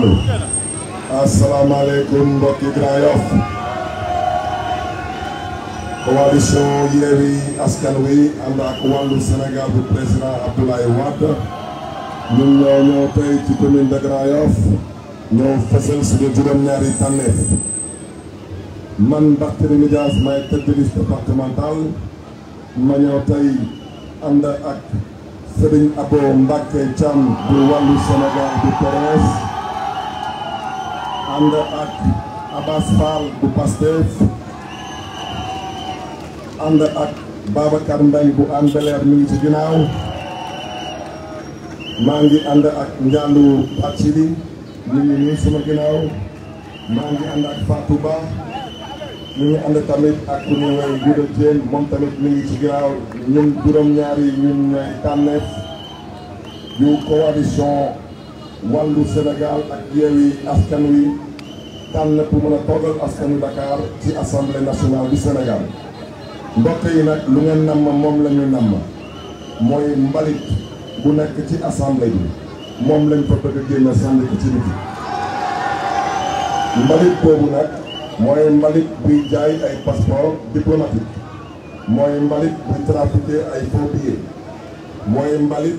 Fall Assalamualaikum mbokki Grand Yoff coalition Yewwi Askan Wi ànd ak wàllu Sénégal bu président Abdoulaye Wade ñun ñoo ñëw tey ci commune de Grand Yoff ñoo fësal suñu juróom-ñaari tànneef man Barthélémy Dias may tête liste départementale ma ñëw Anda ak Sering Abo Mbacké Thiam bu wàllu Sénégal bu PDS ànd ak Abass Fall bu Pastef ànd ak Babacar Mbengue bu Hann bel mi ngi ci ginaaw maa ngi ànd ak Ndiallo Bathily mi ngi nii suma ginnaaw maa ngi ànd ak Fatou Ba ñu ngi ànd tamit ak ku ñuy woy Gouda moom tamit mi ngi ci ginnaaw ñun juróom-ñaar yi ñun tànneef yu coalition wàllu Sénégal ak yeewi askan wi tànn ku mën a toogal askanu Dakar ci assemblée nationale du Sénégal mbokk yi nag lu ngeen namm moom lañu ñu namm mooy mbalit bu nekk ci assemblée bi moom lañ fa bëgg a génne sànni ci biti mbalit boobu nag mooy mbalit buy jaay ay passeport diplomatique mooy mbalit buy trafiqué ay faux mooy mbalit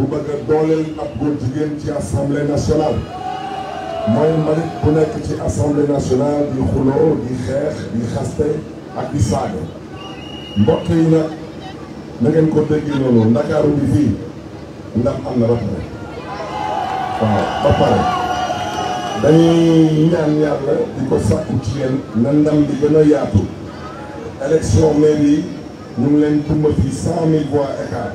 bu bëgg a ab góor jigéen ci assemblée nationale mooy mbalit bu nekk ci assemblée nationale di xuloo di xeex di xaste ak di saaga mbokk yi na ngeen ko déggee noonu ndakaaru bi fii ndax am na rafet waaw ba pare dañuy ñaan yàlla di ko sàkku ci yéen na ndam bi gën a yaatu élection mairie yi ñu ngi leen tumba fii cent mille voix écart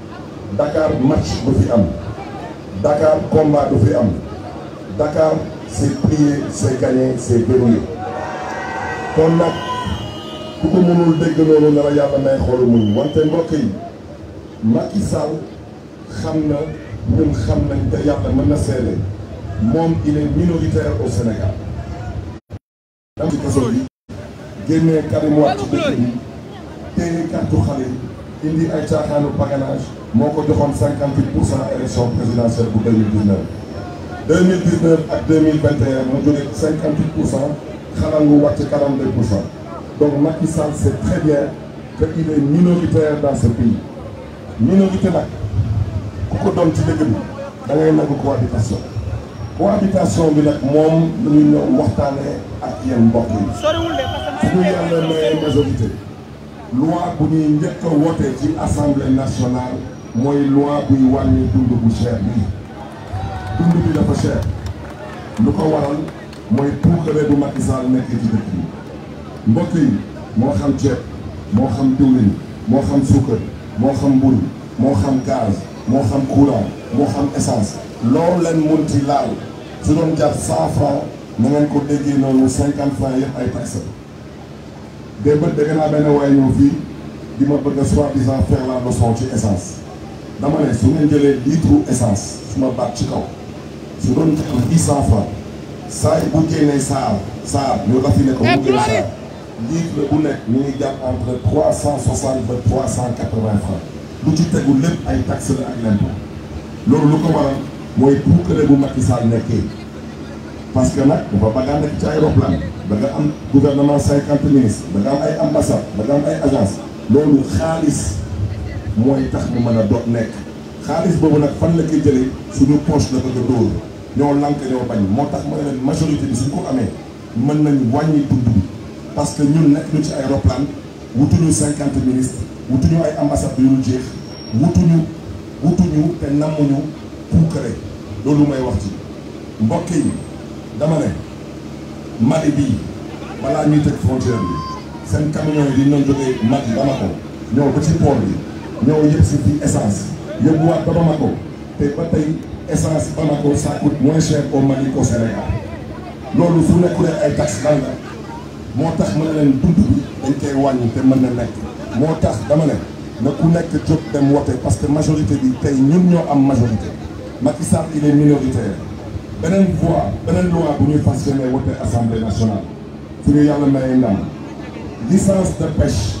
Dakar match du fi am Dakar combat du fi am Dakar c'est plié c'est gagné c'est verrouillé kon nag ku ko mënul dégg loolu na la yàlla may xoolu muñ wante mbokk yi Macky xam na ñun xam nañ te yàlla mën na seede moom il est au Sénégal dam ci kaso bi génnee Karim ci dëkk bi téye kartu xale yi indi ay caaxaanu paganage Mon côté joxone 58% élection présidentielle pour 2019 2019 à 2021 58% donne est 42% donc Macky sait très bien qu'il est minoritaire dans ce pays minorité nak kuko dom ci deug bi da ngay nag cohabitation cohabitation bi nak mom ñu ñu ak yeen mbokk soriwul de parce majorité loi bu ñuy ñëkk woté ci nationale mooy loi buy wàññi dund bu cher bi dund bi dafa cher lu ko waral mooy puukaree bu Macky Sall nekk ci dëkk bi mbokk yi moo xam ceeb moo xam diwlin moo xam suukar moo xam mburu moo xam gaz moo xam courant moo xam essence loolu leen mun ci laal su doon jar cent franc na ngeen ko déggee noonu cinquante franc yëpp ay taxes démb dégg naa benn waaye ñëw fii di ma bëgg a soi-disant faire la leçon ci essence dans mon de litre essence, je me bats chez moi. Je donne 800 francs. Ça, il bouquet les sables, ça, nous raffiné comme vous voulez. Litre boulet, il y a entre 360 et 380 francs. L'outil de boulet a une taxe de l'agrément. Alors, le commandant, moi, pour que les boulets qui s'en aient. Parce que là, on ne va pas gagner des aéroplanes. Le gouvernement 50 ministres, le gouvernement ambassade, le gouvernement agence. Alors, le chalice. mooy tax ñu mën a doot nekk xaalis boobu nag fan la koy jëlee suñu poche la bëgg a dóor ñoo lànk ñoo bañ moo tax ma leen majorité bi suñ ko amee mën nañ wàññi dund bi parce que ñun nekk ñu ci aéroplane wutuñu cinquante ministres wutuñu ay ambassades yu ñu jeex wutuñu wutuñu te nammuñu loolu may wax ci mbokk yi dama ne Mali bii balaa ñuy tëj frontière bi seen camion yi di doon jógee Mali Bamako ñëw ba ci port bi. ñoo yëpp si fi essence yóbbuwaat ba Bamako te ba tey essence Bamako ça coûte moins cher au Mali qu'au Sénégal loolu su nekkulee ay taxes lan moo tax ma ne leen dund bi dañ koy wàññi te mën na nekk moo tax dama ne na ku nekk jóg dem wote parce que majorité bi tey ñun ñoo am majorité Macky Sall il minoritaire beneen voix beneen loi bu ñuy fas yéene wote assemblée nationale suñu yàlla mayee ndam licence de pêche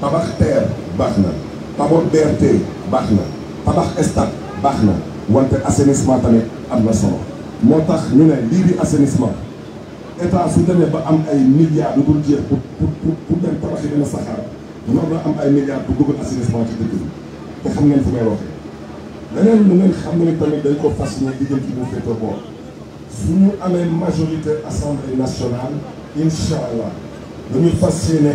tabax TER baax na tabax BRT baax na tabax stade baax na wante assainissement tamit am na solo moo tax ñu ne lii di assainissement état su demee ba am ay milliards du dul jeex pour pour pour dem tabax yi dina saxaar war na am ay milliards pour dugal assainissement ci dëkk bi te xam ngeen fu may waxee leneen lu ngeen xam ne tamit dañ ko fas yéene diggante bu féete boor su ñu amee majorité assemblée nationale incha allah dañuy fas yéene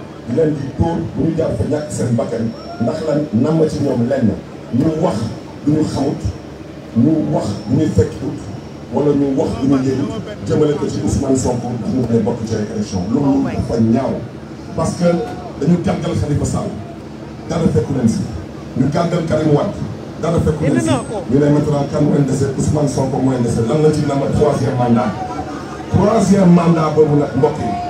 di leen di bu ñu jàpp fa ñàkk seen bakkan ndax lan namm ci ñoom lenn ñu wax du ñu xamut ñu wax du ñu fekkut wala ñu wax du ñu yëgut jëmale ko ci Ousmane Sonko di ñu ay bokk ci élection oh loolu ñaaw parce que dañu gàggal Khalifa Sall dara fekku leen si ñu gàggal Karim Wade dara fekku leen si ñu ne maintenant kan mooy dese Ousmane Sonko mooy dese lan la ci nama troisième mandat troisième mandat boobu nag mbokk yi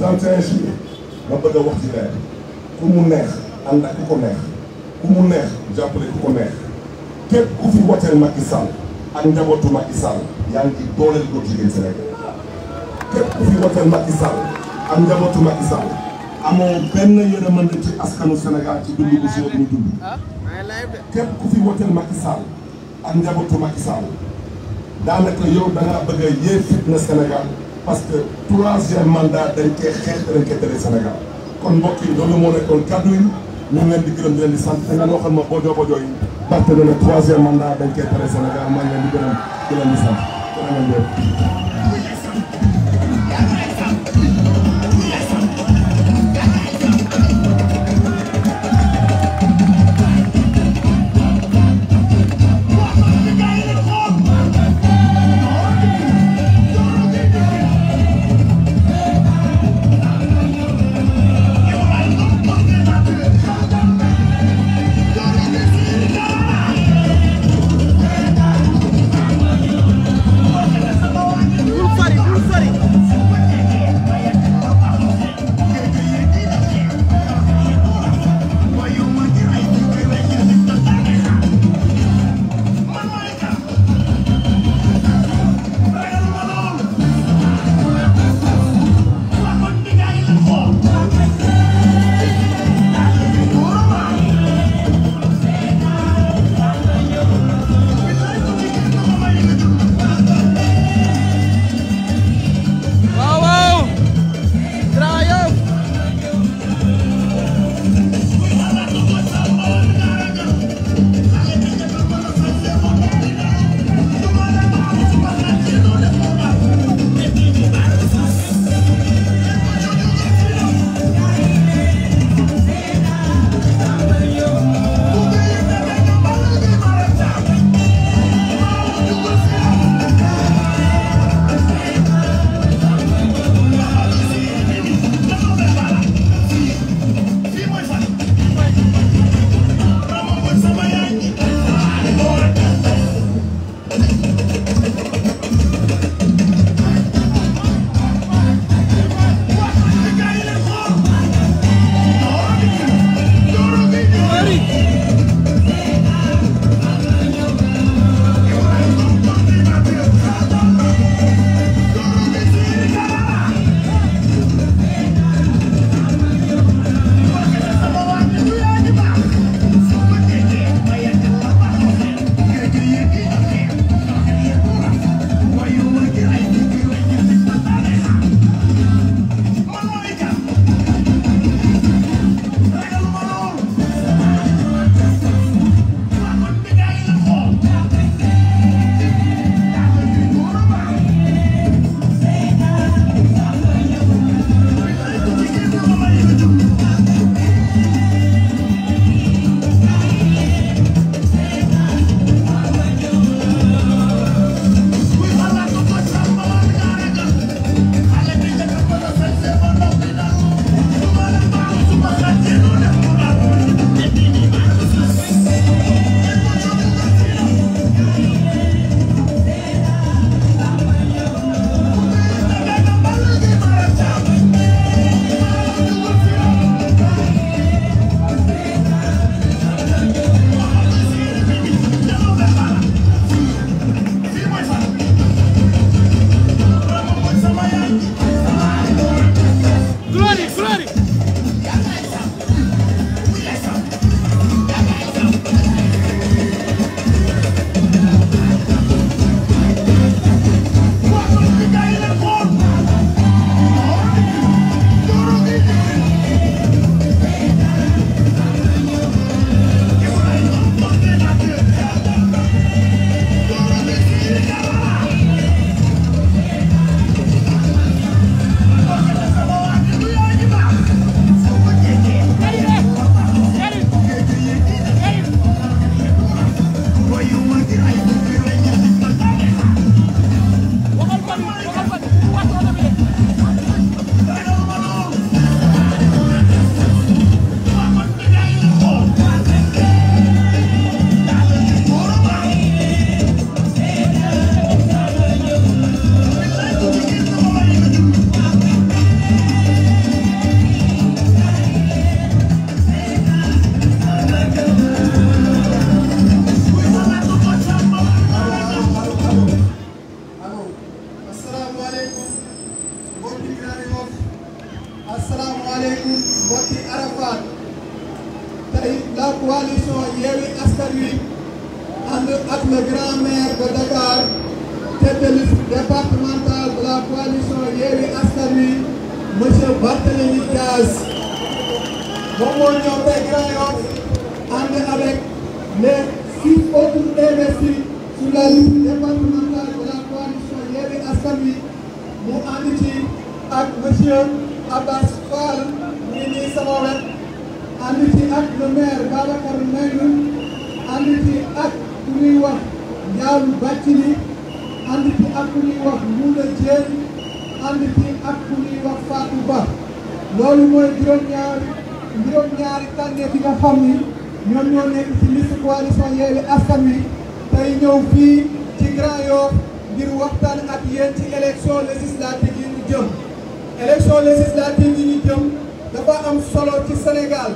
31 juillet ma bëgg a wax ci leer ku mu neex ànd ak ku ko neex ku mu neex jàppale ku ko neex képp ku fi woteel Macky Sall ak njabootu Macky Sall yaa ngi dooleel góor jigéen Sénégal képp ci askanu Sénégal ci dundu bu soo ñu dund ah, képp ku fi woteel Macky Sall ak njabootu Macky Sall daanaka yow da ngaa bëgg a yee fitna parce que troisième mandat dañ koy xeex dañ koy kon mbokk yi loolu moo nekkoon kaddu yi ñu ngi leen di gërëm di leen di sant te nga noo xam ma boojoo boojoo yi parce que le troisième mandat dañ koy tere Sénégal maa ngi leen di gërëm di leen di sant jërë ngeen jëf tête de liste départementale de la coalition Yewwi Askan Wi monsieur Barthélémy Dias moom moo ñëw tey Grand Yoff ànd avec les six autres investis sur la liste départementale de la coalition Yewwi Askan Wi mu ànd ci ak monsieur Abbas Fall mu ngi nii sama wet ànd ci ak le maire Babacar Mbengue ànd ci ak ku ñuy wax Ndiaye Bathily ànd ci ak ku ñuy wax Mbounda Diène ànd ci ak ku ñuy wax Fatou Ba loolu mooy juróom-ñaari juróom-ñaari tànneef yi nga ni ñoom ñoo nekk ci liste coalition Yewwi Askan tey ñëw fii ci Grand Yoff ngir waxtaan ak yéen ci élection législative yi jëm élection législative yi jëm dafa am solo ci Sénégal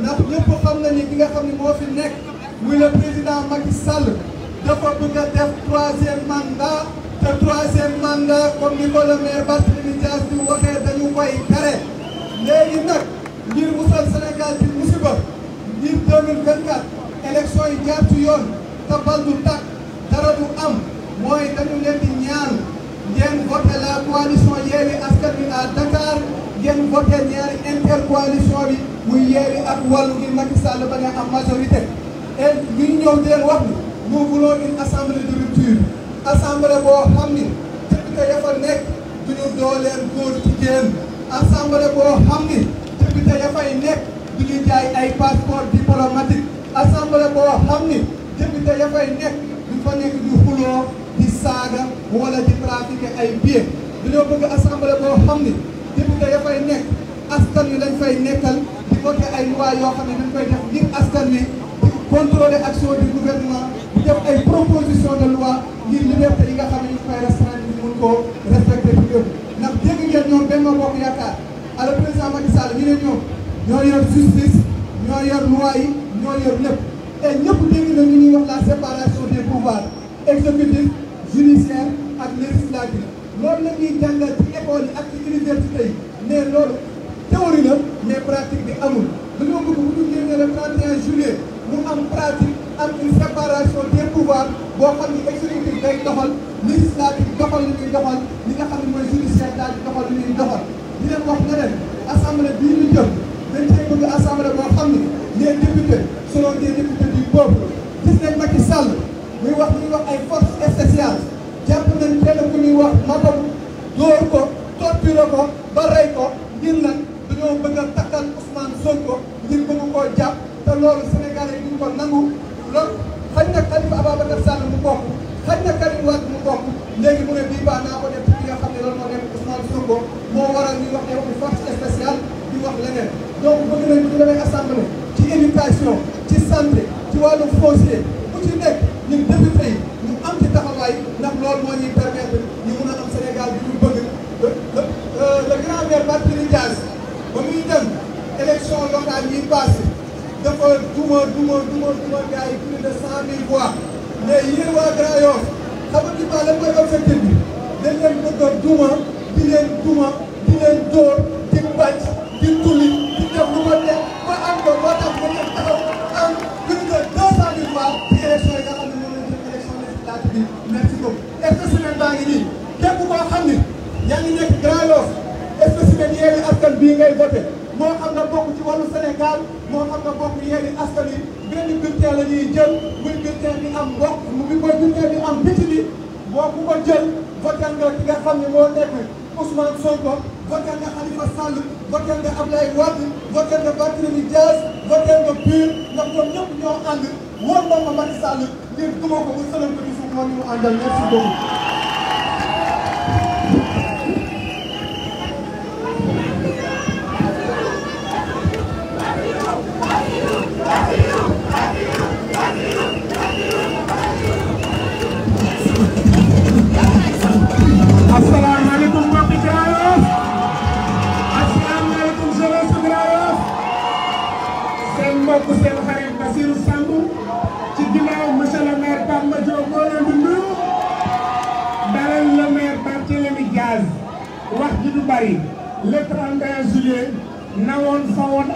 ndax ñëpp xam na ni ki nga moo fi nekk muy le président Macky Sall dafa bëgg a def troisième mandat te troisième mandat comme ni ko le maire Barthélémy Dias di dañu koy tere léegi nag ngir musal Sénégal ci musiba ngir 2024 élection yi jaar ci yoon te bal du dara du am mooy dañu leen di ñaan ngeen voté la coalition Yewwi Askan Wi à Dakar ngeen voté ñaari intercoalition bi muy Yewwi ak Wallu ngir Macky Sall bañ a am majorité et ngir ñëw di wax nous voulons une assemblée de rupture assemblée boo xam ni député ya fa nekk du ñu dooleel góor jigéen assemblée boo xam ni député ya fay nekk du ñu fa nekk du xuloo di saaga wala di trafiquer ay billets dañoo bëgg assemblée boo xam ni député ya fay nekk askan wi lañ fay nekkal di voter ay loi yoo xam ne dañ koy def ngir askan wi. contrôler action du gouvernement di def ay proposition de loi ngir liberté yi nga xam ne ñu koy restreindre ñu mun respecter pour yëpp ndax dégg ngeen ñoom Benno Bokk Yaakaar le président Macky Sall ñu ne ñoom ñoo yor justice ñoo yor loi yi ñoo yor lépp et ñëpp dégg na ñu wax la séparation des pouvoirs exécutif judiciaire ak législatif loolu la ñuy jàngal ci école yi ak ci université yi mais loolu théorie la mais pratique de amul Nous bëgg bu ñu le 31 juillet mu am pratique am une séparation des pouvoirs boo xam ni exécutif day doxal législatif doxal li ñuy doxal li nga xam ne mooy judiciaire daal di doxal li ñuy doxal di leen wax ne leen bii ñu jëm dañ cee bëgg assemblée boo xam ni les députés seront des députés du peuple gis nañ Macky Sall muy wax ñuy wax ay forces spéciales jàpp nañ kenn ku ñuy wax mabam dóor ko torturé ko ba rey ko ngir nag dañoo bëgg a takkal Ousmane Sonko ngir bëgg koo jàpp te loolu Sénégalais yi duñ ko nangu loolu xañ na Khalifa Ababacar Sall mu bokk xañ na Karim Wade mu bokk léegi mu ne bii baax naa ko def ci li nga xam ne loolu moo nekk Ousmane Sonko moo waral ñuy wax ne une force spéciale di wax leneen donc bëgg nañu ñu demee assemblée ci éducation ci santé ci wàllu foncier ku ci nekk ñun député yi ñu am ci taxawaay ndax loolu moo ñuy permettre duma duma duma duma gars yi plus de cent waa Grand Yoff xamante pas lan mooy objectif bi dañ leen bëgg duma di leen duma di leen dóor di bàcc di tulli di def lu ma neex ba am ko moo tax ba ngeen taxaw am plus de deux cent mille voix nga xam ne moom la ñu jëm élection législative bi baa ngi nii képp koo xam ni yaa ngi nekk Grand Yoff est-ce que semaine yéen askan bii ngay voté moo xam nga bokk ci wàllu Sénégal moo xam nga bokk Yewwi Askan Wi benn bulletin la jël muy bulletin bi am mbokk muy bulletin bi am biti bi boo ku ko jël votel nga ki nga xam ne moo nekk Ousmane Sonko votel nga Khalifa Sall votel nga Abdoulaye Wade votel nga Barthélémy Dias votel nga PUR ndax ñoom ñëpp ñoo ànd wóor na ma Macky Sall ngir duma ko ba sëlal ko ci moom ñu àndal merci beaucoup bopp seen xarit Bassirou Samb ci ginnaaw monsieur le maire Bamba Diop moo leen di nuyu dalal le maire Barthélémy Diaz wax ji du bari le 31 juillet nawoon fawoon